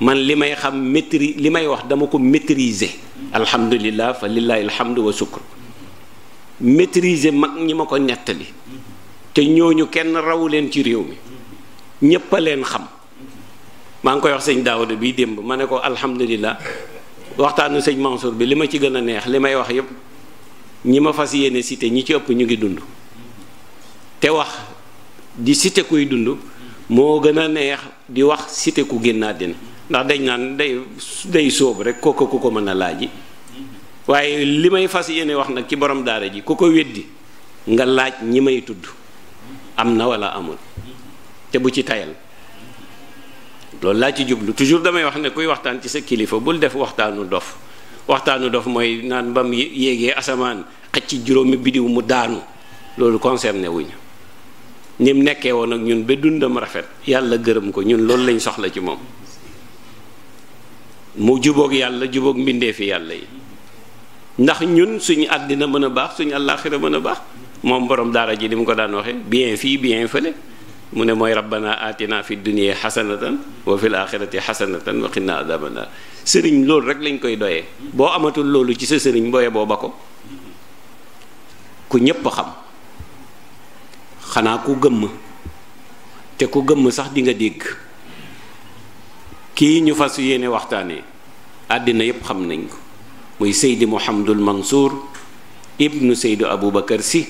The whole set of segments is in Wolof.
man li may xam maîtri li may wax dama ko maîtriser alhamdulilah fa lillahi alhamdu wa sukkur mag ñi ma ko nettali te ñooñu kenn rawu leen ci réew mi ñépp a leen xam maa ngi koy wax sëñ Daawuda bii démb ma ne ko alhamdulilah waxtaanu sëñ Mansour bi li ma ci gën a neex li may wax yépp ñi ma fas yéene cité ñi ci ëpp ñu ngi dund te wax di site kuy dund moo gën a neex di wax site ku génn àddina ndax dañ naan day day sóobu rek kooku ku ko mën a laaji waaye li may fas yéene wax nag ci borom daara ji ku ko weddi nga laaj ñi may tudd am na wala amul te bu ci tayal loolu laaj ci jublu toujours damay wax ne kuy waxtaan ci sa kilifa bul def waxtaanu dof waxtaanu dof mooy naan mbam mu yéegee asamaan ci juróomi bidiw mu daanu loolu concerné wuñu ni nekkee woon ak ñun ba dundam rafet yàlla gërëm ko ñun loolu lañ soxla ci moom mu jubook yàlla jubóog mbindeefi yàlla yi ndax ñun suñu àddina mën a baax suñu àllaaxira mën a baax moom borom daara ji di mu ko daan waxe bien fii bien fële mu ne mooy rabbana atina fi dunya xasanatan wa fil axirati xasanatan wa qina adhaban naar sëriñ loolu rek lañ koy doyee boo amatul loolu ci sa sëriñ booye boo ko ku ñépp xam xanaa ku gëmm te ku gëmm sax di nga dégg kii ñu fas yéene waxtaanee àddina yépp xam nañ ko muy seydi muhammadul mansuur ibnu seydu abubakar si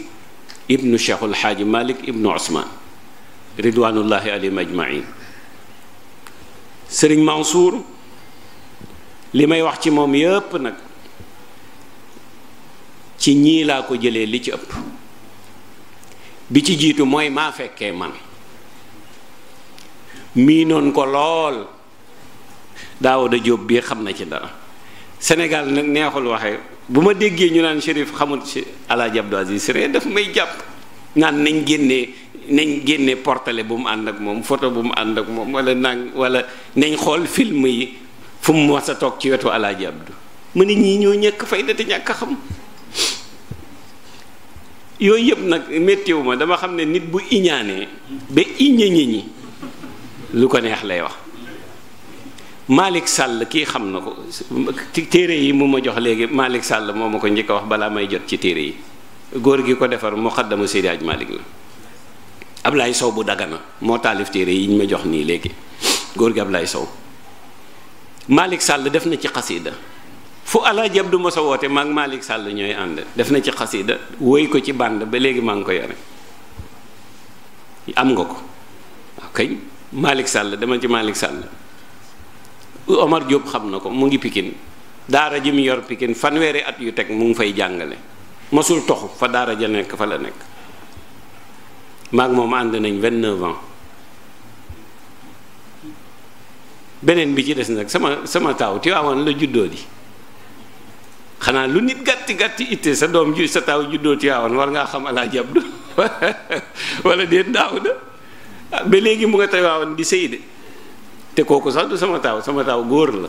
ibnu cheikhul xaaji malik ibnu osmaan ridwaanullahi alayhim ajmain sëriñ mansuur li may wax ci moom yépp nag ci ñii laa ko jëlee li ci ëpp bi ci jiitu mooy maa fekkee man miinoon ko lool daawo da jóob bii xam na ci dara senegal nag neexul waxe bu ma déggee ñu naan Chérif xamul ci Alaaji Abdou Aziz Sire daf may jàpp naan nañ génne nañ génne portale bu mu ànd ak moom photo bu mu ànd ak moom wala nang wala nañ xool film yi fu mu mos toog ci wetu Alaaji Abdou mu ne ñii ñoo ñëkk fayda te ñàkk xam yooyu yëpp nag méttiwu ma dama xam ne nit bu iñaanee ba iña ñi lu ko neex lay wax Malick Sall kii xam na ko téere yi mu ma jox léegi malik Sall moo ma ko njëkk a wax balaa may jot ci téere yi góor gi ko defar muqaddamu Seydi Hadj Malick la Ablaye Sow bu Dagana moo taalif téere yi ñu ma jox nii léegi góor gi Ablaye soow Malick sàll def na ci xasida fu Alaaji Abdu Masa woote maag malik Sall ñooy ànd def na ci xasida woy ko ci bànd ba léegi maa ngi ko yore am nga ko waaw kañ Malick Sall dama ci Malick Sall Euh, Omar Diop xam na ko mu ngi Pikine daara ji mu yor Pikine fanweeri at yu teg mu ngi fay jàngale masul toxu fa daara ja nekk fa la nekk maag moom ànd nañ vingt-neuf beneen bi ci des nag sama sama taaw Tiwaawan la juddoo di xanaa lu nit gàtti gàtti itte sa doom ju sa taaw juddoo Tiwaawan war ngaa xam Alaaji Abdu wala déet daaw da ah, ba léegi mu nga Tiwaawan di sëy de te kooku sax du sama taaw sama taaw góor la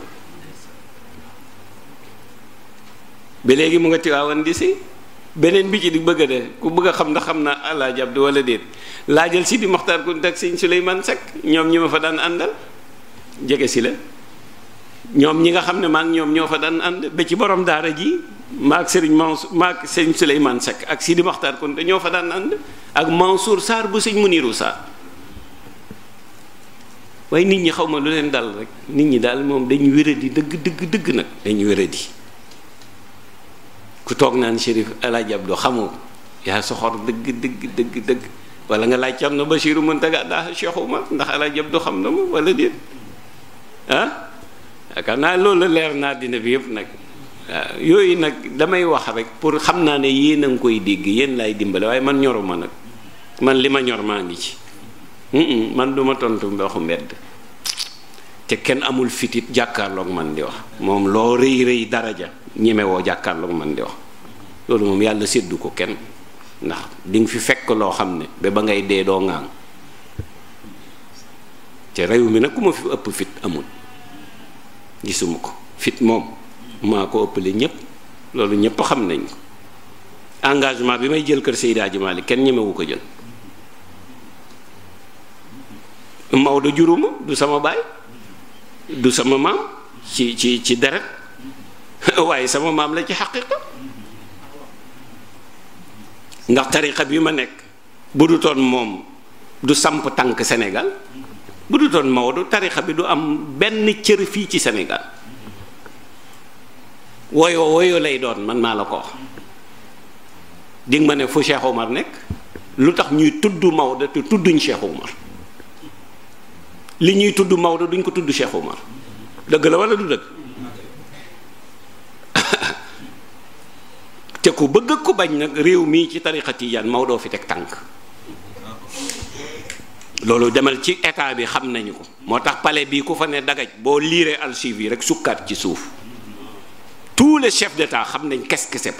ba léegi mu nga tiwaawan di si beneen bi ci di bëgg a de ku bëgg a xam nga xam naa Alaaji Abdu wala déet laajal si di Moxtaar Kunta ak Sëñ Suleymaan Sekk ñoom ñi ma fa daan àndal jege si la ñoom ñi nga xam ne maak ñoom ñoo fa daan ànd ba ci borom daara ji maak Serigne Mansour maak Sëñ Suleymaan Sekk ak Sidi Moxtaar Kunta ñoo fa daan ànd ak Mansour Sarr bu Sëñ niiru Sarr waaye nit ñi xaw ma lu leen dal rek nit ñi daal moom dañu wéradi dëgg dëgg dëgg nag dañu wéradi ku toog naan Chérif El Hadj Abdou xamoo yaa soxor dëgg dëgg dëgg dëgg wala nga laaj Cerno Basiru Muntaga daa Cheikh ma ndax El Hadj Abdou xam na ma walla déet ah yaakaar naa loolu leer naa dina bi yëpp nag waaw yooyu nag damay wax rek pour xam naa ne yéen a koy dégg yéen laay dimbale waaye man ñoruma nag man li ma ñor maa ngi ci man duma tontu waxu mbedd te kenn amul fitit jàkkaarloog man di wax moom loo rëy rëy daraja ñemewoo jàkkaarloog man di wax loolu moom yàlla séddu ko kenn ndax di fi fekk loo xam ne ba ngay dee doo ŋaang te réew mi nag ku ma fi ëpp fit amul gisuma ko fit moom maa ko ëppale ñépp loolu ñépp xam nañ ko engagement bi may jël kër Seydi Hadji Malick kenn ñemewu ko jël Maodo juróom du sama baay du sama maam ci ci ci deret waaye sama maam la ci xaqiqa ndax tariqa bi ma nekk bu du toon moom du samp tànk Sénégal bu du toon Maodo tariqa bi du am benn cër fii ci Sénégal woyoo woyoo lay doon man maa la ko wax ma ne fu Cheikh Omar nekk lu tax ñuy tudd Maodo te tudduñ Cheikh li ñuy tudd Maodo duñ ko tudd Cheikh Oumar dëgg la wala du dëgg ku bëgg ku bañ nag réew mii ci tariqa tijaan fi teg tànk loolu demal ci état bi xam nañu ko moo tax palais bii ku fa ne dagaj boo liiree archives rek sukkaat ci suuf tous les chefs d'état xam nañ qu'est-ce qui se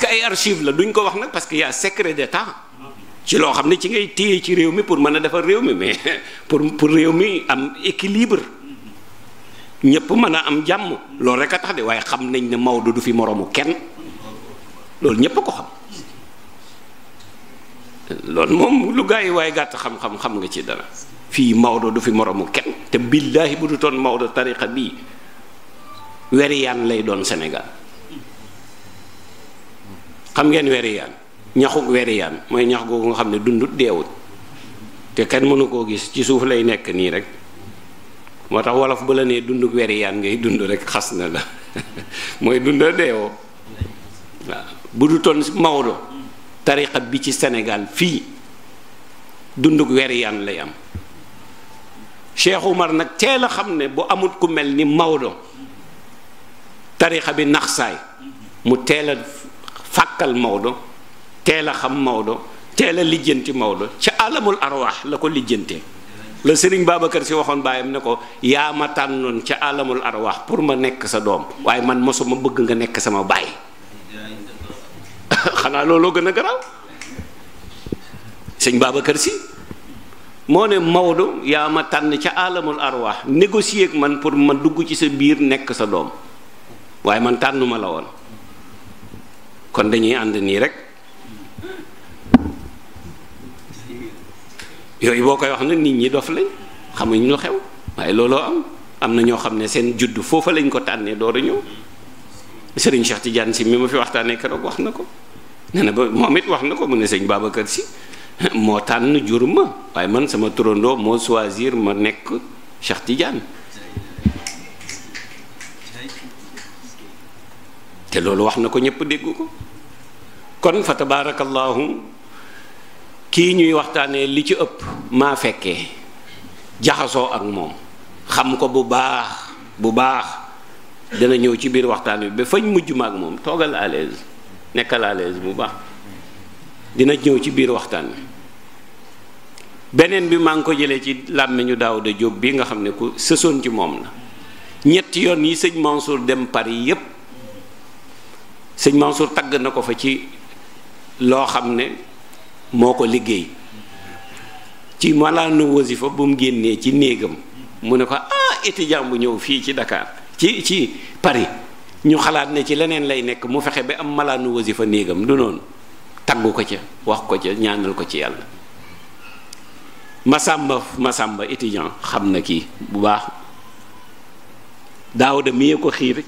que ay archives la duñ ko wax nag parce que y a secret d'état ci loo xam ne ci ngay téye ci réew mi pour mën a defar réew mi mais pour pour réew mi am équilibre ñëpp mën a am jàmm loolu rek a tax de waaye xam nañ ne Maodo du fi moroomu kenn loolu ñëpp a ko xam loolu moom lu gars yi waaye gàtt xam-xam nga ci dara fii Maodo du fi moroomu kenn te billaahi bu du toon Maodo tariqa bii weriyaan lay doon senegal xam ngeen weriyaan ñaxug weriyaan mooy ñax googu nga xam ne dundut deewut te kenn mënu koo gis ci suuf lay nekk nii rek moo tax wolof bu la nee dunduk weriyaan ngay dund rek xas na la mooy dunda deewoo bu du toon Maodo tariqa bi ci senegal fii dunduk weriyaan lay am Cheikh Umar nag teel a xam ne bu amut ku mel ni Maodo tariqa bi nax saay mu teel a fàkkal Maodo teel a xam Maodo teel la lijjanti Maodo ca alamul arwaax la ko lijjante la sëriñ Babacar si waxoon baayam ne ko yaa ma tànnoon ca alamul arwaax pour ma nekk sa doom waaye man mosuma bëgg nga nekk sama baay xanaa gën a garaaw sëñ Babacar si moo ne Maodo yaa ma tànn ca alamul arwaax négocier ak man pour ma dugg ci sa biir nekk sa doom waaye man tànnuma la woon kon dañuy ànd nii rek yooyu boo koy wax nag nit ñi dof lañ xamuñ lu xew waaye looloo am am na ñoo xam ne seen juddu foofa lañ ko tànnee dooru ñëw sëriñ Cheikh Tidiane si mi ma fi waxtaanee keroog wax na ko nee ba moom it wax na ko mu ne sëñ kër si moo tànn jur ma waaye man sama turandoo moo choisir ma nekk Cheikh Tidiane te loolu wax na ko ñëpp dégg ko kon fa tabaarakallaahu kii ñuy waxtaanee li ci ëpp maa fekkee jaxasoo ak moom xam ko bu baax bu baax dana ñëw ci biir waxtaan bi ba fañ mujj ma ak moom toogal à l'aise nekkal à l'aise bu baax dina ñëw ci biir waxtaan bi beneen bi maa ngi ko jëlee ci làmmiñu Daawuda Jóob bi nga xam ne ku sësoon ci moom la ñetti yoon yi sëñ Mansour dem Paris yépp sëñ Mansour tagg na ko fa ci loo xam ne moo ko liggéey ci malaanu wasifa bu mu génnee ci néegam mu ne ko ah étudiant bu ñëw fii ci Dakar ci ci Paris ñu xalaat ne ci leneen lay nekk mu fexe ba am malaanu wasifa néegam du noonu taggu ko ca wax ko ca ñaanal ko ci yàlla Masamba Masamba étudiant xam na ki bu baax daaw de mi ko xiir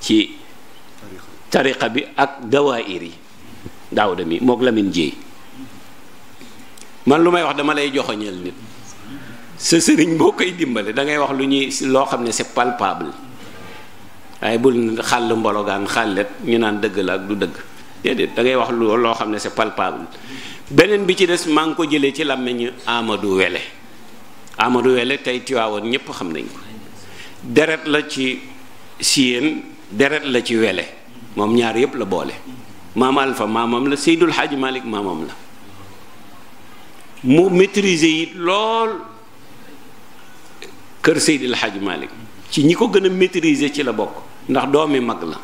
ci tariqa bi ak dawaayir yi daaw de mi mook Lamine Jéey man lu may wax dama lay joxoñal nit sa sëriñ boo koy dimbale da ngay wax lu ñuy loo xam ne c'est palpable waaye bul xàll mbologaan xàllet ñu naan dëgg la ak du dëgg déedéet da ngay wax lu loo xam ne c'est palpable beneen bi ci des maa ngi ko jëlee ci làmmiñu Amadou Wele Amadou Wele tey Tiwaawoon ñépp xam nañ ko deret la ci siyeen deret la ci wele moom ñaar yépp la boole maam Alfa maamam la Seydul Xaaji Malik maamam la mu maîtriser yi lool kër la Hadj malik ci ñi ko gën a maîtriser ci la bokk ndax doomi mag la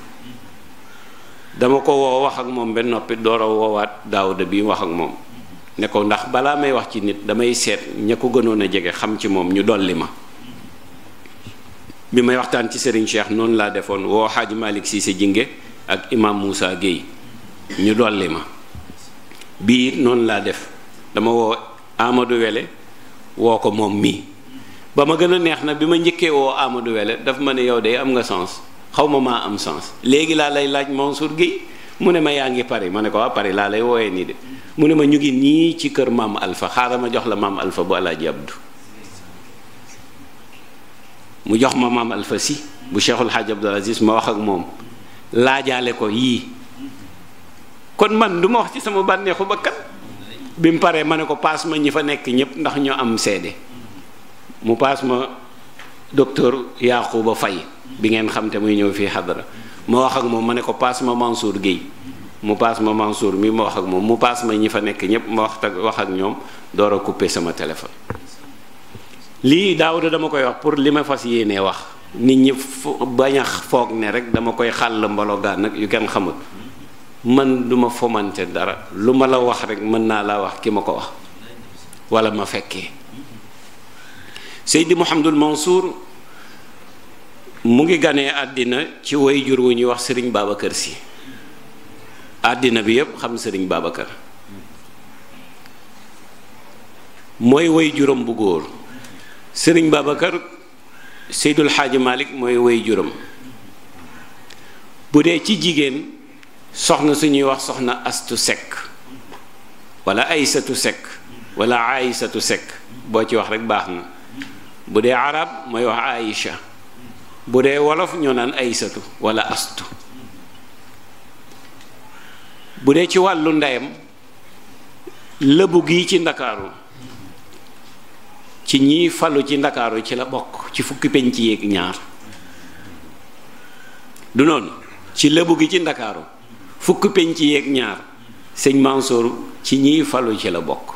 dama ko woo wax ak moom ba noppi door a woowaat daawuda bi wax ak moom ne ko ndax balaa may wax ci nit damay seet ña ko gënoon a jege xam ci moom ñu dolli ma bi may waxtaan ci sëriñ Cheikh noonu laa defoon woo Hadj Malick Cissé Jinge ak imam Moussa Guèye ñu dolli ma bii noonu laa def dama woo Amadou Wele woo ko moom mii ba ma gën a neex na bi ma njëkkee woo Amadou Wele daf ma ne yow de am nga sens xaw ma maa am sens léegi laa lay laaj Mansour Guèye mu ne ma yaa ngi Paris ma ne ko waa Paris laa lay wooyee nii de mu ne ma ñu ngi nii ci kër maam alfa xaaral ma jox la maam Alpha bu Alaaji Abdu mu jox ma maam Alpha si bu Cheikhul Hadj Abdoul Aziz ma wax ak moom laajaale ko yii kon man du wax ci sama bànneexu bakkan bi mu paree ma ne ko paas ma ñi fa nekk ñëpp ndax ñoo am seede mu paas ma docteur Yaquba fay bi ngeen xam te muy ñëw fii xadara ma wax ak moom ma ne ko paas ma Mansour Guèye mu paas ma Mansour mi ma wax ak moom mu paas ma ñi fa nekk ñëpp ma wax wax ak ñoom door a couper sama téléphone. lii Daouda dama koy wax pour li ma fas yéenee wax nit ñi bañ a foog ne rek dama koy xàll mbalogaan nag yu kenn xamul. man duma fomante dara lu ma la wax rek mën naa laa wax ki ma ko wax wala ma fekkee Seydi Mouhamadul Mansour mu ngi ganee àddina ci wayjur wu ñuy wax sëriñ Babacar si àddina bi yépp xam sëriñ Babacar mooy wayjuram bu góor sëriñ Babacar Seydul Xaaji Malik mooy wayjuram bu dee ci jigéen soxna suñuy wax soxna astu sekk wala aysatu sekk wala aysatu sekk boo ci wax rekk baax na bu dee arab mooy wax aïcha bu dee wolof ñoo naan aysatu walla astu bu dee ci wàllu ndeyam lëbu gi ci ndakaaru ci ñiy falu ci ndakaaru ci la bokk ci fukki penc yéeg ñaar du noonu ci lëbu gi ci ndakaaru fukk penc yeeg ñaar sëñ Mansour ci ñiy falu ci la bokk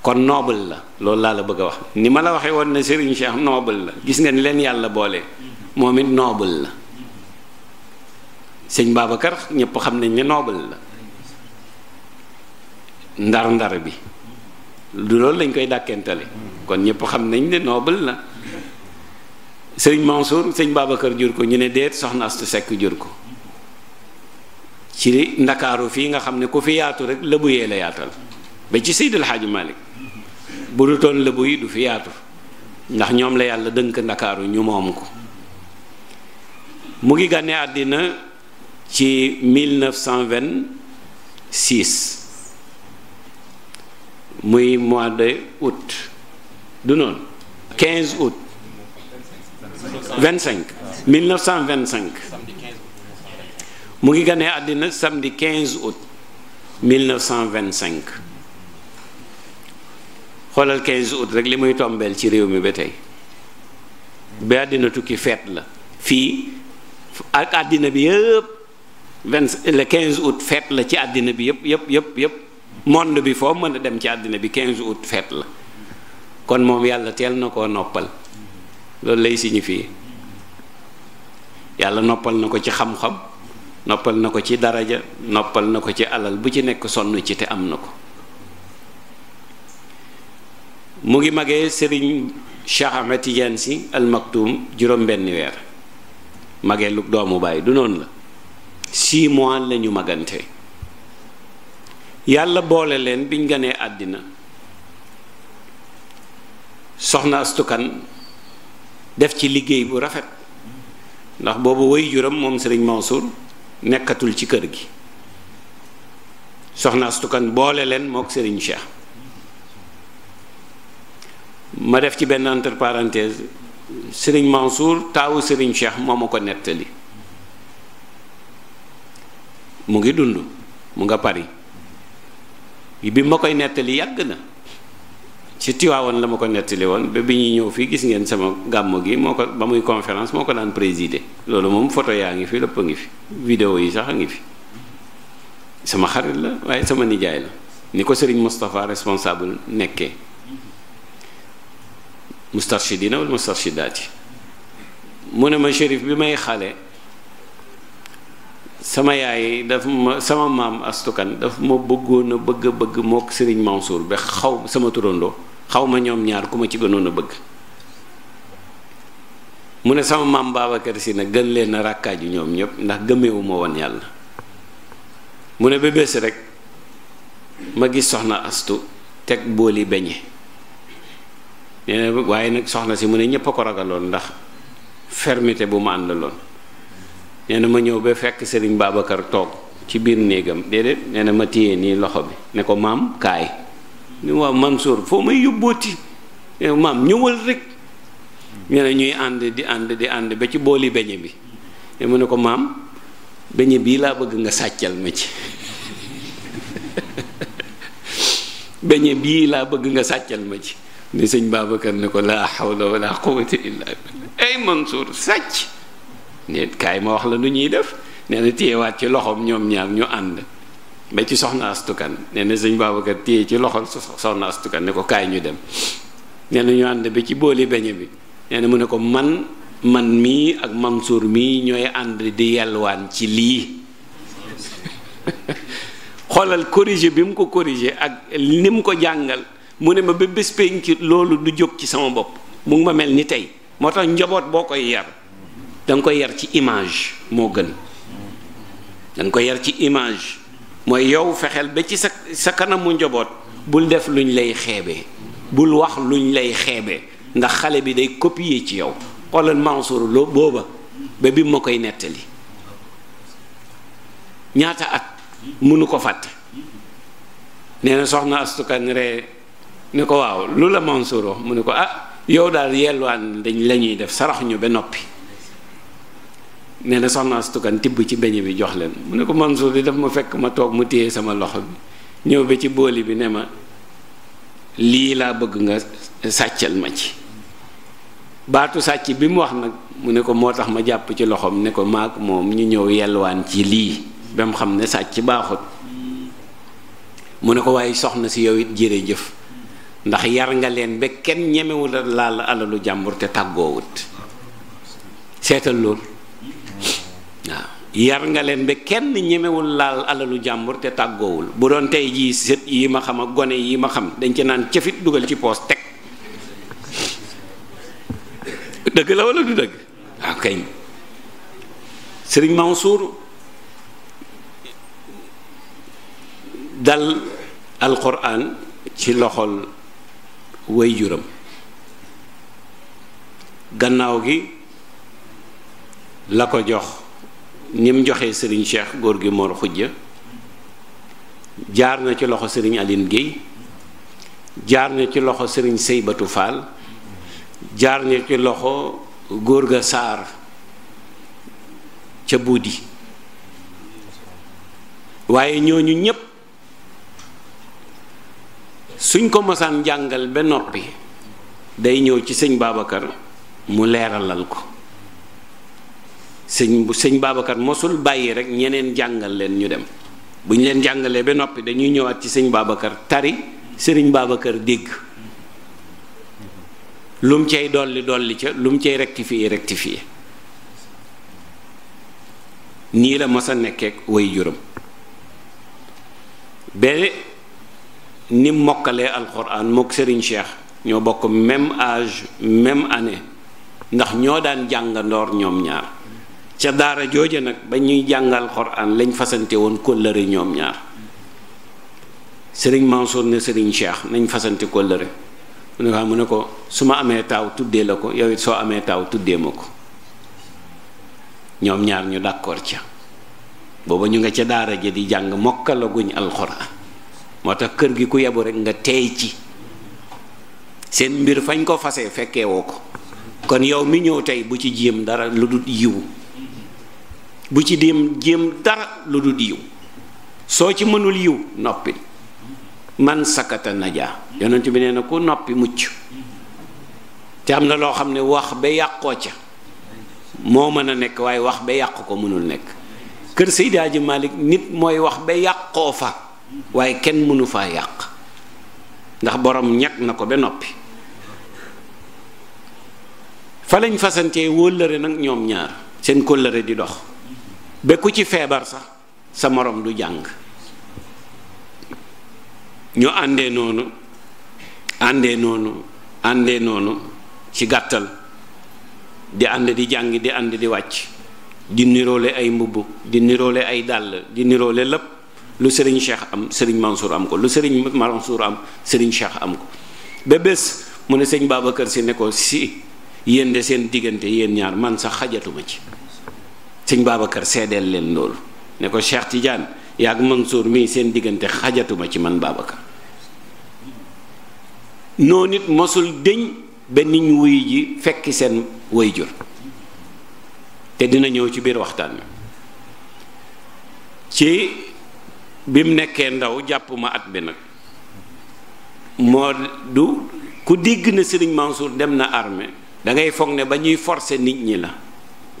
kon noobal la loolu laa la bëgg a wax ni ma la waxee woon na Serigne Cheikh noobal la gis nga ni leen yàlla boole moom it noobal la sëñ Babacar ñépp xam nañ ne noobal la ndar-ndar bi du loolu lañ koy dàkkentale kon ñëpp xam nañ ne noble la sëñ Mansour sëñ Babacar jur ko ñu ne déet soxna Astu Sekk jur ko. ci ndakaaru fii nga xam ne ku fi yaatu rek lëbu yee la yaatal ba ci Seydil Hadji Malick bu du toon lëbu yi du fi yaatu ndax ñoom la yàlla dënk ndakaaru ñu moom ko mu ngi gànnee àddina ci 1926 muy mois de août du noonu 15 août 25 1925 mu ngi ganee àddina samedi 15 août 1925 xoolal quinze août rek li muy tombeel ci réew mi ba tey ba àddina tukki feet la fii ak àddina bi yëpp vingt le la ci àddina bi yëpp yëpp yëpp yëpp monde bi foo mën a dem ci àddina bi quinze août feet la kon moom yàlla teel na koo noppal loolu lay signifie yàlla noppal na ko ci xam-xam noppal na ko ci daraja noppal na ko ci alal bu ci nekk sonn ci te am na ko mu ngi magee sëriñ Cheikh Ahmed Tidiane Sy juróom benni weer magee lu doomu bàyyi du noonu la six mois la ñu magante yàlla boole leen biñ ganee àddina soxna astukan def ci liggéey bu rafet ndax boobu way juram moom sëriñ Mansour nekkatul ci kër gi soxna astukan boole leen mook Serigne Cheikh ma def ci benn entre parenthèse Serigne Mansour taawu Serigne Cheikh moo ma ko nettali mu ngi dund mu nga Paris bi ma koy nettali yàgg na ci Tiwaawoon la ma ko nettali woon ba bi ñuy ñëw fii gis ngeen sama gàmm gi moo ko ba muy conférence moo ko daan présider loolu moom foto yaa ngi fi lépp a ngi fi vidéo yi sax a ngi fi sama xarit la waaye sama nijaay la ni ko Serigne Moustapha responsable nekkee mustarshidina wal mustarshidaati mu ne ma shérif bi may xale sama yaay daf ma sama maam astukan daf ma bëggoon a bëgg a bëgg mook Serigne Mansour ba xaw sama turandoo xaw ma ñoom ñaar ku ma ci gënoon a bëgg mu ne sama maam Babacar si nag gën leen a rakkaaju ñoom ñëpp ndax gëmewuma woon yàlla mu ne ba bés rek ma gis soxna astu teg booli beñe nee waaye nag soxna si mu ne ñépp a ko ragaloon ndax fermeté bu ma àndaloon nee na ma ñëw ba fekk sëriñ Babacar toog ci biir néegam déedéet nee na ma téye nii loxo bi ne ko maam kaay ni waaw Mansour foo may yóbbooti yow eh, maam ñëwal rek ñu ñuy ànd di ànd di ànd ba ci booli beñe bi te eh, mu ne ko maam beñe bii laa bëgg nga sàccal ma ci beñe bii laa bëgg nga sàccal ma ci ni sëñ Babacar ne ko laa hawla wala quwwata illa billah ay Mansour sàcc nit kaay ma wax la nu ñuy def nee na ci loxoom ñoom ñaar ñu ànd ba ci soxna astukan nee na sëñ Babacar téye ci loxol soxna astukan ne ko kaay ñu dem nee na ñu ànd ba ci booli beñe bi nee na mu ne ko man man mii ak Mansour mii ñooy ànd di yelwaan ci lii xoolal corrigé bi mu ko corrigé ak ni mu ko jàngal mu ne ma ba bés penc loolu du jóg ci sama bopp mu ngi ma mel ni tey moo tax njaboot boo koy yar da koy yar ci image moo gën da koy yar ci image mooy yow fexeel ba ci sa sa kanamu njaboot bul def luñ lay xeebee bul wax luñ lay xeebee ndax xale bi day copier ci yow xoolal Mansour booba ba bi ma koy nettali ñaata at mënu ko fàtte nee na soxna astukan ree ne ko waaw lu la Mansour mu ne ko ah yow daal yelwaan dañ la def sarax ñu ba noppi nee na soxna Astukan tibb ci beñe bi jox leen mu ne ko Mansour di daf ma fekk ma toog mu téye sama loxo bi ñëw ba ci booli bi ne ma lii laa bëgg nga sàccal ma ci baatu sàcc bi mu wax nag mu ne ko moo tax ma jàpp ci loxoom ne ko maak moom ñu ñëw yelwaan ci lii ba xam ne sàcc baaxut mu ne ko waaye soxna si yow it jëf ndax yar nga leen ba kenn ñemewul laal alalu jàmbur te tàggoowut seetal loolu waaw yar nga leen ba kenn ñemewul laal alalu jàmbur te tàggoowul bu doon tey jii sët yi ma xam ak gone yi ma xam dañ ci naan cëfit dugal ci poos teg dëgg la wala du dëgg waaw kay sëriñ Mansour dal alquran ci loxol way juram gannaaw gi la ko jox ni joxe sëriñ Cheikh góor gi Mor Xujja jaar na ci loxo sëriñ Aline Guèye jaar na ci loxo sëriñ sëybatu Fall jaar na ci loxo góor ga saara ca Buudi waaye ñooñu ñépp suñ ko mosaan njàngal ba noppi day ñëw ci sëñ Babacar mu leeralal ko sëñ bu sëñ Babacar mosul bàyyi rek ñeneen jàngal leen ñu dem bu leen jàngalee ba noppi dañuy ñëwaat ci sëñ Babacar tari sëriñ Babacar digg lum mu cay dolli dolli ca lum mu cay rectifier rectifier nii la mos a nekkee way juróom ba ni mokkalee alxuraan mook sëriñ Cheikh ñoo bokk même age même année ndax ñoo daan jàngandoor ñoom ñaar ca daara jooja nag ba ñuy jàngal xoraan lañ fasante woon kóllëre ñoom ñaar sëriñ Mansour ne sëriñ Cheikh nañ fasante kóllëre mu ne ko ah, su ma amee taaw tuddee la ko yow soo amee taaw tuddee ma ko ñoom ñaar ñu d'accord ca booba ñu nga ca daara ja di jàng mokkalaguñ alxuraan moo tax kër gi ku yebu rek nga teey ci seen mbir fañ ko fase fekkee woo ko kon yow mi ñëw tey bu ci jéem dara lu dul yiwu bu ci dem jéem dara lu dul yiw soo ci mënul yiw noppi man sakata najaa yonent bi nee na ko noppi mucc te am na loo xam ne wax ba yàqoo ca moo mën a nekk waaye wax ba yàq ko mënul nekk kër Seydi Hadji nit mooy wax ba yàqoo fa waaye kenn mënu faa yàq ndax borom ñag na ko ba noppi fa lañ fasantee wóllëre nag ñoom ñaar seen kóllëre di dox ba ci feebar sax sa moroom du jàng ñu àndee noonu àndee noonu àndee noonu ci gàttal di ànd di jàng di ànd di wàcc di niroole ay mbubb di niroole ay dàll di niroole lépp lu sëriñ Cheikh am sëriñ Mansour am ko lu sëriñ Mansour am sëriñ Cheikh am ko ba bés mu ne sëñ Babacar si ne ko si yéen de seen diggante yéen ñaar man sax xajatuma ci sëñ Babacar seedeel leen loolu ne ko Cheikh Tidiane yaag Mansour mii seen diggante xajatuma ci man Babacar noo nit mosul dëñ ba wuy ji fekki seen wayjur te dina ñëw ci biir waxtaan wi ci bi mu nekkee ndaw jàppuma at bi nag moo du ku digg na Serigne Mansour dem na armée dangay ngay foog ne ba ñuy forcer nit ñi la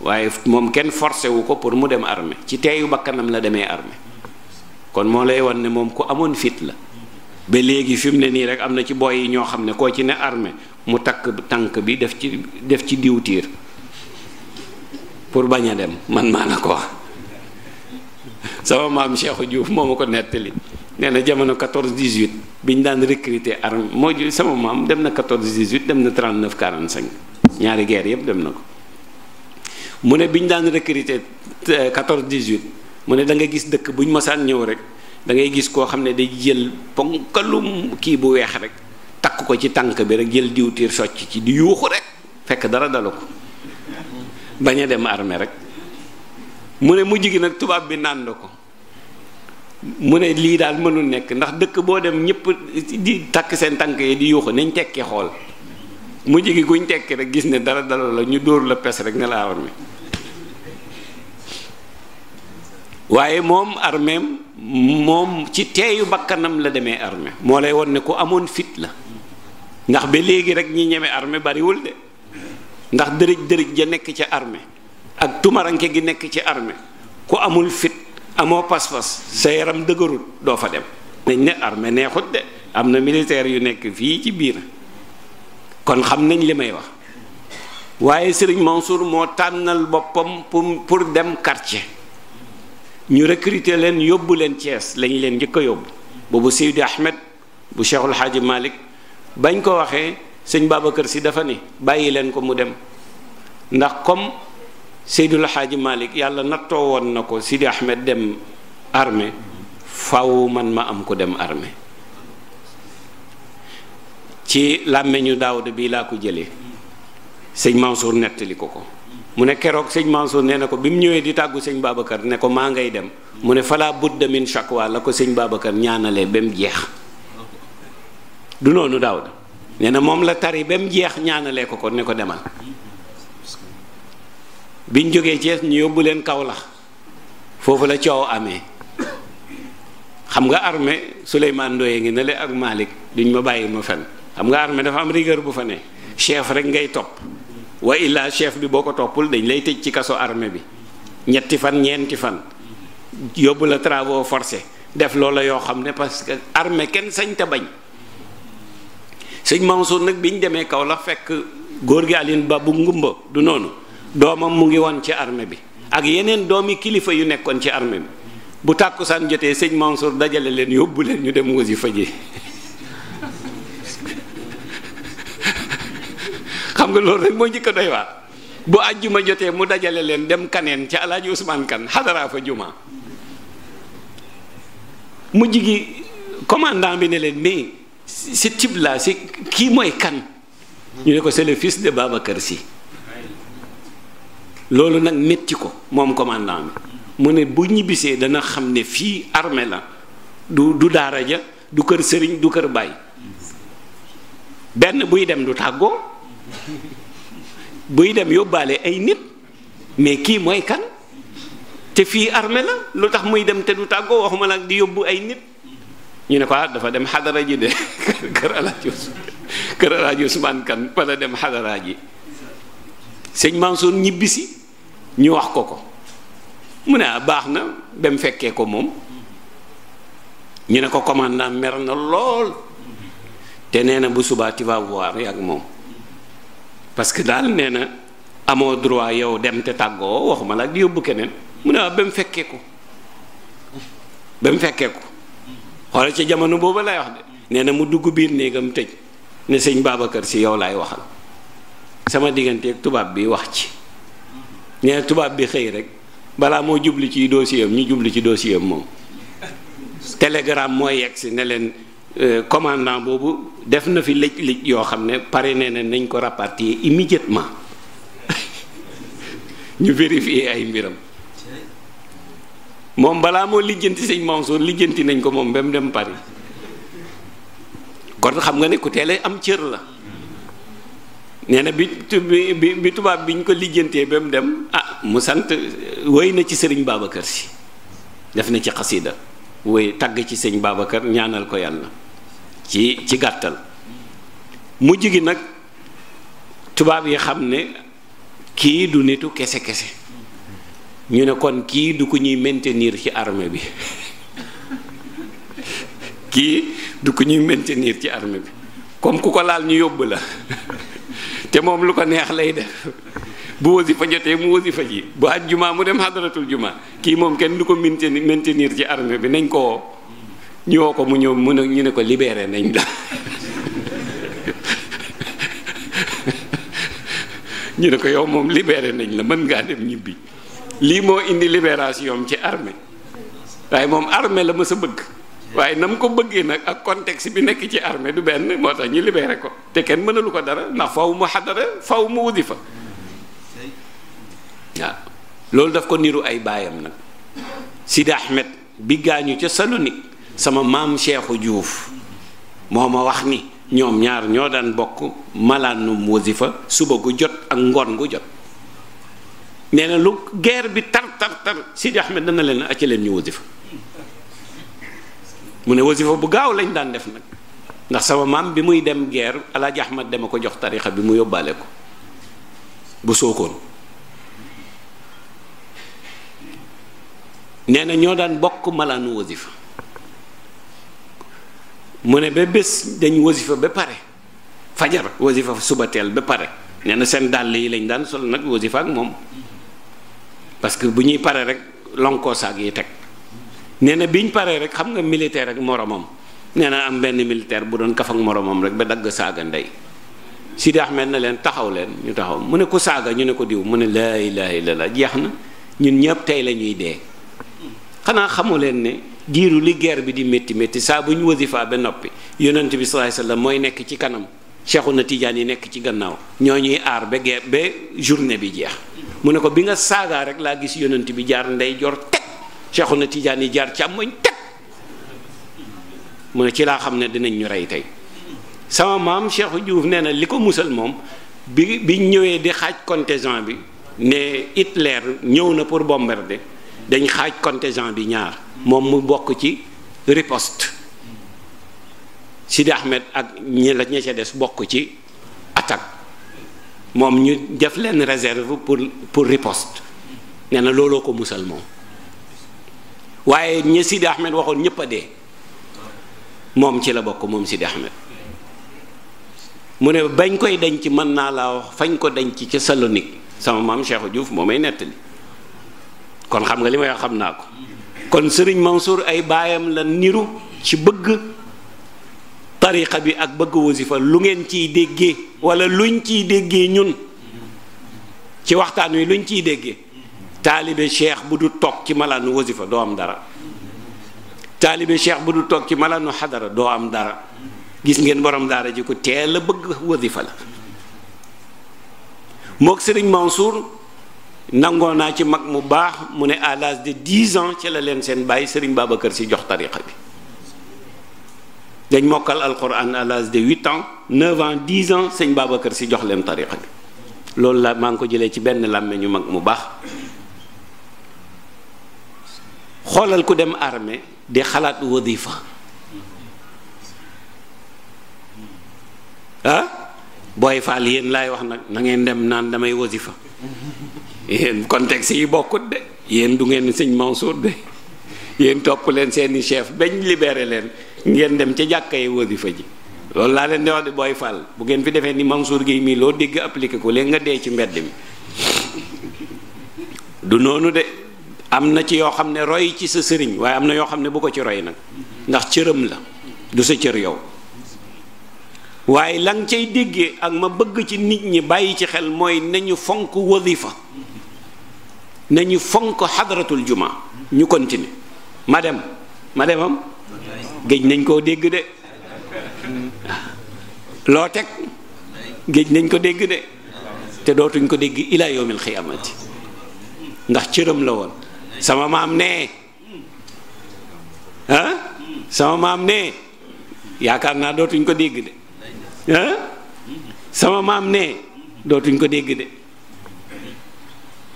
waaye moom kenn forcé wu ko pour mu dem armée ci teeyu bakkanam la demee armée kon moo lay wan ne moom ku amoon fit la ba léegi fi mu ne nii rek am na ci boy yi ñoo xam ne koo ci ne armée mu takk tànk bi def ci def ci diw tiir pour bañ a dem man maa la ko wax sama maam Cheikh Diouf moo ma ko nettali nee na jamono 14 18 bi ñu daan recruter armée moo sama maam dem na 14 18 dem na 39 45 ñaari guerre yëpp dem na ko. mu ne bi ñu daan recruter 14 18 mu ne da nga gis dëkk bu ñu masaan ñëw rek da ngay gis koo xam ne day jël ponkalum kii bu weex rek takk ko ci tànk bi rek jël diwtiir socc ci di yuuxu rek fekk dara dalu ko bañ a dem armée rek mu ne mujj gi nag tubaab bi nànd ko mu ne lii daal mënul nekk ndax dëkk boo dem ñëpp di takk seen tànk yi di yuuxu nañ tekki xool mujj gi kuñ tekki rek gis ne dara dala la ñu dóor la pes rek ne la armée waaye moom armeem moom ci teeyu bakkanam la demee armé moo lay won ne ku amoon fit la ndax ba léegi rek ñi ñeme armé bariwul de ndax dërëj dërëj ja nekk ci armé ak tumaranke gi nekk ci armé ku amul fit amoo pas-pas sa yaram dëgërul doo fa dem dañ ne armé neexut de am na militaire yu nekk fii ci biir kon xam nañ li may wax waaye Serigne Mansour moo tànnal boppam pour pour dem quartier ñu recruter leen yóbbu leen cees lañu leen njëkk a yóbbu boobu Seydi Ahmed bu Cheikhul Hadji malik bañ ko waxee sëñ kër si dafa ni bàyyi leen ko mu dem ndax comme Seydul Hadji Malick yàlla nattoo woon na ko Seydi Ahmed dem armée faw man ma am ko dem armée ci làmmeñu Daawuda bii laa ko jëlee sëñ Mansour nettali ko ko mu ne keroog sëñ Mansour nee na ko bi mu ñëwee di tàggu sëñ Babacar ne ko maa ngay dem mu ne falaa fala budda min shakwa la ko sëñ Babacar ñaanalee ba mu jeex du noonu daaw nee na moom la tari ba mu jeex ñaanalee ko ko ne ko demal biñ jógee Cees ñu yóbbu leen Kawlax foofu la coow amee xam nga armée Souleymane Ndoye ngi ne le ak Malick duñ ma bàyyi ma fen xam nga armée dafa am rigueur bu fa ne chef rek ngay topp wa illaa chef bi boo ko toppul dañ lay tëj ci kaso armée bi ñetti fan ñeenti fan yóbbu la travaux forcés def loola yoo xam ne parce que armée kenn sañ te bañ sëñ Mansour nag bi ñu demee kaw la fekk góor gi Alioune Ba bu ngumba du noonu doomam mu ngi woon ci armée bi ak yeneen doomi kilifa yu nekkoon ci armée bi bu tàkkusaan jotee sëñ Mansour dajale leen yóbbu leen ñu dem wasifa ji xam nga loolu rek moo njëkk a doy waar bu àjjuma jotee mu dajale leen dem kaneen ci alaaji Ousmane Kan xadaraa fa juma mujj gi commandant bi ne leen mais ce type là c'est kii mooy kan ñu ne ko c'est le de de kër si loolu nag métti ko moom commandant bi mu ne bu ñibbisee dana xam ne fii armée la du du daara ja du kër sëriñ du kër bàyyi benn buy dem du tàggoo buy dem yóbbaale ay nit mais kii mooy kan te fii armée la lu tax muy dem te du tàggoo waxuma nag di yóbbu ay nit ñu ne ko ah, dafa dem xadara ji de kër alaaji kër alaaji Usmaan kan pala dem xadara ji sëñ Mansour ñibbisi ñu wax ko ko mu ne ah, baax na mu fekkee ko moom ñu ne ko commandant mer na lool te nee na bu subaa tu vas ak moom parce que daal nee na amoo droit yow dem te tàggoo waxuma la ak di yóbbu keneen mu ne waaw ba mu fekkee ba mu fekkee ko xoolal ci jamono boobu lay wax de nee na mu dugg biir néegam tëj ne sëñ Babacar si yow laay waxal sama digganteeg tubaab bi wax ci nee tubaab bi xëy rek balaa moo jubli ci dossier am ñu jubli ci dossier am moom télégramme mooy yegg si Euh, commandant boobu def na fi lëj lëj yoo xam ne pare nee na nañ ko rapartie immédiatement ñu vérifier ay mbiram moom balaa moo lijjanti sëñ Mansour lijjanti nañ ko moom ba mu dem Paris kon xam nga ne ku teel am cër la nee na bi bi bi tubaab bi ñu ko lijjantee ba mu dem ah mu sant wey na ci sëriñ Babacar si def na ci xasida woy tagg ci sëñ Babacar ñaanal ko yàlla ci ci gàttal mu gi nag tubaab yi xam ne kii du nitu kese kese ñu ne kon kii du ko ñuy maintenir ci arme bi kii du ko ñuy maintenir ci arme bi comme ku ko laal ñu yóbbu la te moom lu ko neex lay def bu wasifa jotee mu wasifa ji bu àjjuma mu dem xadaratul juma kii moom kenn du ko maintenir ci arme bi nañ ko ñu ko mu ñëw mu ne ñu ne ko libeere nañ la ñu ne ko yow moom libéré nañ la mën ngaa dem ñibbi lii moo indi libération ci armée waaye moom armée la mës a bëgg waaye na mu ko bëggee nag ak contexte bi nekk ci armée du benn moo tax ñu libéré ko te kenn mënalu ko dara ndax faw mu xadara faw mu wudi fa waaw loolu daf ko niru ay baayam nag Sidi Ahmed bi gaañu ca Salonique sama maam Cheikhou Diouf moo ma wax ni ñoom ñaar ñoo daan bokk malaanum wasifa suba gu jot ak ngoon gu jot nee na lu guerre bi tar tar tar Sidi Ahmed dana leen acca leen ñu wasifa mu ne wasifa bu gaaw lañ daan def nag ndax sama maam bi muy dem guerre Alaaji dem a ko jox tarixa bi mu yóbbaale ko bu sookoon nee na ñoo daan bokk malaanu wasifa mu ne ba bés dañ wasifa ba pare fajar wasifa suba teel ba pare nee na seen dàll yi lañ daan sol nag wasifa ak moom parce que bu ñuy pare rek lonkoo saag yi teg nee na biñ paree rek xam nga militaire ak moromam nee na am benn militaire bu doon kaf ak moromam rek ba dagg saaga ndey Sidi Ahmed na leen taxaw leen ñu taxaw mu ne ko saaga ñu ne ko diw mu ne laa ilaaha illallaah jeex na ñun ñëpp tey la ñuy dee xanaa xamu leen ne. diiru li guerre bi di métti métti saa bu ñu wasifa ba noppi yonent bi sallallahu alayhi wasallam mooy nekk ci kanam na tiijaan yi nekk ci gannaaw ñoo ñuy aar ba guerre ba journée bi jeex mu ne ko bi nga saagaa rek laa gis yonent bi jaar ndey jor teg na tiijaan yi jaar càmmoñ teg mu ne ci laa xam ne dinañ ñu rey tey sama maam Cheikh Diouf nee na li ko musal moom bi bi ñëwee di xaaj contingent bi ne Hitler ñëw na pour bombarder dañ xaaj contingent bi ñaar moom mu bokk ci ripost Sidi Ahmed ak ñi la ña ca des bokk ci attaque moom ñu def leen réserve pour pour riposte nee na looloo ko musal moom waaye ña Sidi Ahmed waxoon ñëpp a dee moom ci la bokk moom Sidi Ahmed mu ne bañ koy ci mën naa laa wax fañ ko denc ca Salonique sama maam Cheikh Diouf moo may nettali kon xam nga li may xam naa ko kon sëriñ Mansour ay baayam la niru ci bëgg tariqa bi ak bëgg wasifa lu ngeen ciy déggee wala luñ ciy déggee ñun ci waxtaan wi luñ ciy déggee taalibe cheikh bu du toog ci malaanu wasifa doo am dara taalibe cheikh bu du toog ci malaanu xadara doo am dara gis ngeen borom daara ji ko teel bëgg wasifa la mook sëriñ Mansour nangoo naa ci mag mu baax mu ne à l'âge de dix ans ci la leen seen bàyyi sëriñ Serigne kër si jox tariqa bi dañ mokkal alquran à l'âge de huit ans neuf ans dix ans sëñ kër si jox leen tariqa bi loolu la maa ngi ko jëlee ci benn làmme ñu mag mu baax xoolal ku dem armée di xalaat wadifa ah booy faal yéen laay wax nag na ngeen dem naan damay wasifa yéen contexte yi bokkut de yéen du ngeen sëñ Mansour de yéen topp leen seeni chef bañ libéré leen ngeen dem ca jàkka yi wasifa ji loolu laa leen di wax de booy fal bu ngeen fi defee ni Mansour Guèye mii loo digg appliqué ko leen nga dee ci mbedd mi du noonu de am na ci yoo xam ne roy ci sa sëriñ waaye am na yoo xam ne bu ko ci roy nag ndax cëram la du sa cër yow waaye la cay déggee ak ma bëgg ci nit ñi bàyyi ci xel mooy nañu fonk wasifa nañu fonk xadratul juma ñu continue ma dem ma demam géej nañ koo dégg de loo teg géej nañ ko dégg de te dootuñ ko dégg ila yawmil xiyaamati ndax cëram la woon sama maam nee ah sama maam nee yaakaar naa dootuñ ko dégg de sama maam ne dootuñ ko dégg de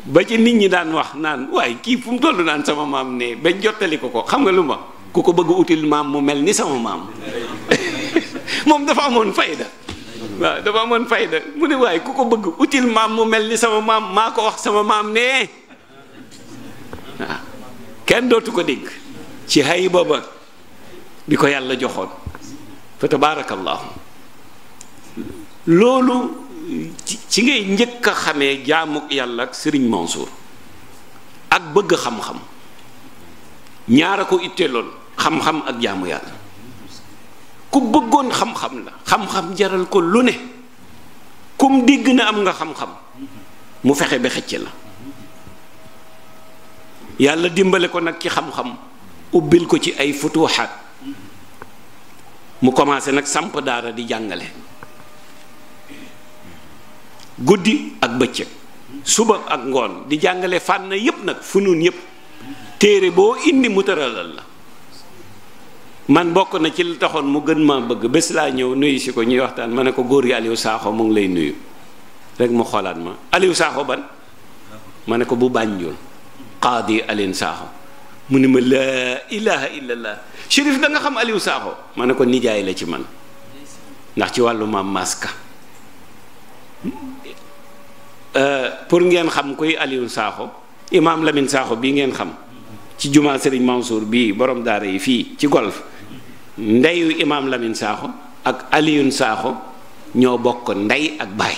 ba ci nit ñi daan wax naan waaye kii fu mu toll naan sama maam ne bañ jottali ko ko xam nga lu ma ku ko bëgg util maam mu mel ni sama maam dafa amoon fayda dafa amoon fayda mu ne ku ko bëgg util mu mel ni sama maam maa ko wax sama maam ne waaw kenn dootu ko dégg ci hay booba bi ko yàlla joxoon fa tabaarakallaahu loolu ci ngay njëkk a xame jaamu yàlla ak sëriñ Mansour ak bëgg xam-xam ñaara ko itteeloon xam-xam ak jaamu yàlla ku bëggoon xam-xam la xam-xam jaral ko lu ne kum digg na am nga xam-xam mu fexe ba xëcc la yàlla dimbale ko nag ci xam-xam ubbil ko ci ay futuxaat mu commencé nag samp daara di jàngale guddi ak bëccëg suba ak ngoon di jàngale fànn yépp nag funuun yépp téere boo indi mu la man bokk na ci li taxoon mu gën maa bëgg bés laa ñëw nuyu si ko ñuy waxtaan ma ne ko góor gi Aliou Sakho mu ngi lay nuyu rek mu xoolaat ma Aliou Sakho ban ma ne ko bu Banjul qaadi Aliou Sakho mu ne ma laa ilaha illallah Chérif da nga xam Aliou Sakho ma ne ko nijaay la ci man ndax ci wàllu maam maska Euh, pour ngeen xam kuy Aliou Sakho imaam lamin Sakho bii ngeen xam ci jumaa Serigne Mansour bii boroom daara yi fii ci golf ndeyu imaam Lamine Sakho ak Aliou Sakho ñoo bokk ndey ak baay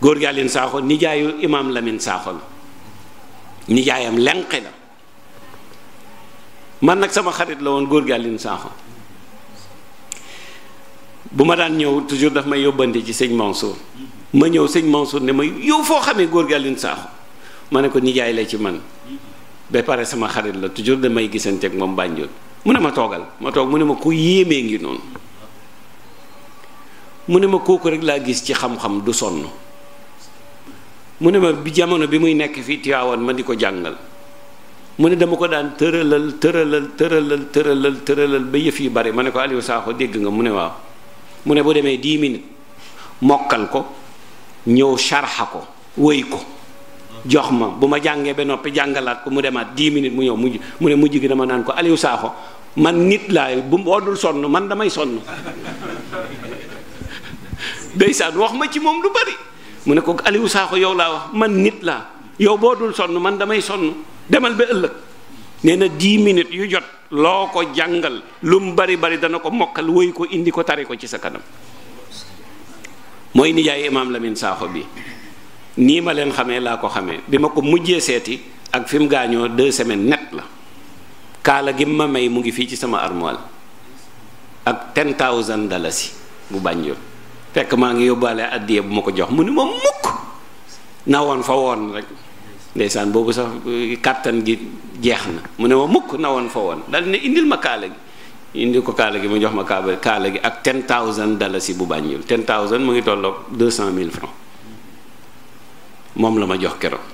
góor gi Aliou Sakho nijaayu imaam lamin Sakho la nijaayam lenqi la man nag sama xarit la woon góor gi Aliou Sakho bu ma daan ñëw toujours daf may yóbbante ci sëñ Mansour ma ñëw sëñ Mansour ne ma yow foo xamee góor gi Alioune Sakho ma ne ko nijaay la ci man ba pare sama xarit la toujours damay gisante ak moom bànjoon mu ne ma toogal ma toog mu ne ma ku yéemee ngi noonu mu ne ma kooku rek laa gis ci xam-xam du sonn mu ne ma jamono bi muy nekk fii Tiwaawan ma di ko jàngal mu ne dama ko daan tëralal tëralal tëralal tëralal tëralal ba yëf yi bari ma ne ko Aliou Sakho dégg nga mu ne waaw mu ne bu demee dix minutes mokkal ko ñëw sharxa ko wéy ko jox ma bu ma jàngee ba noppi jàngalaat ko mu demaat 10 minutes mu ñëw mujj mu ne mujj gi dama naan ko Aliou Sakho man nit laa bu boo dul sonn man damay sonn ndeysaan wax ma ci moom mu ne ko Aliou Sakho yow laa wax man nit laa yow boo dul sonn man damay sonn demal ba ëllëg nee na 10 minute yu jot loo ko jàngal lu mu bari bari dana ko mokkal wéy ko indi ko tari ko ci sa kanam mooy nijaay imaam Lamine Sakho bi nii ma leen xamee laa ko xamee bi ma ko mujjee seeti ak fi gaañoo deux semaine net la kaala gi ma may mu ngi fii ci sama armoire ak ten thousand dalasi bu Banjul fekk maa ngi yóbbaale àddiya bu ma ko jox mu ni ma mukk na fa woon rek ndeysaan boobu sa eh, kàttan gi jeex na mu ne ma mukk na woon fa woon dal ne indil ma kaala gi indi ko kaala gi mu jox ma kaaba kaala gi ak ten thousand dalasi bu Banjul ten thousand mu ngi tolloog deux cent mille francs moom la ma jox keroog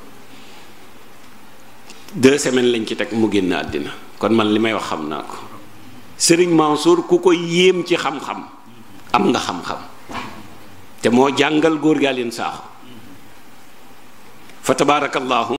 deux semaines lañ ci teg mu génn àddina kon man li may wax xam naa ko Serigne Mansour ku ko yéem ci xam-xam am nga xam-xam te moo jàngal góor gi Alioune Sakho fa tabaarakallaahu